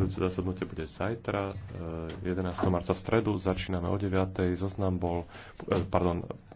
Budúce zasadnutie bude zajtra, 11. Eh, marca v stredu, začíname o 9. Zoznam bol, eh, pardon,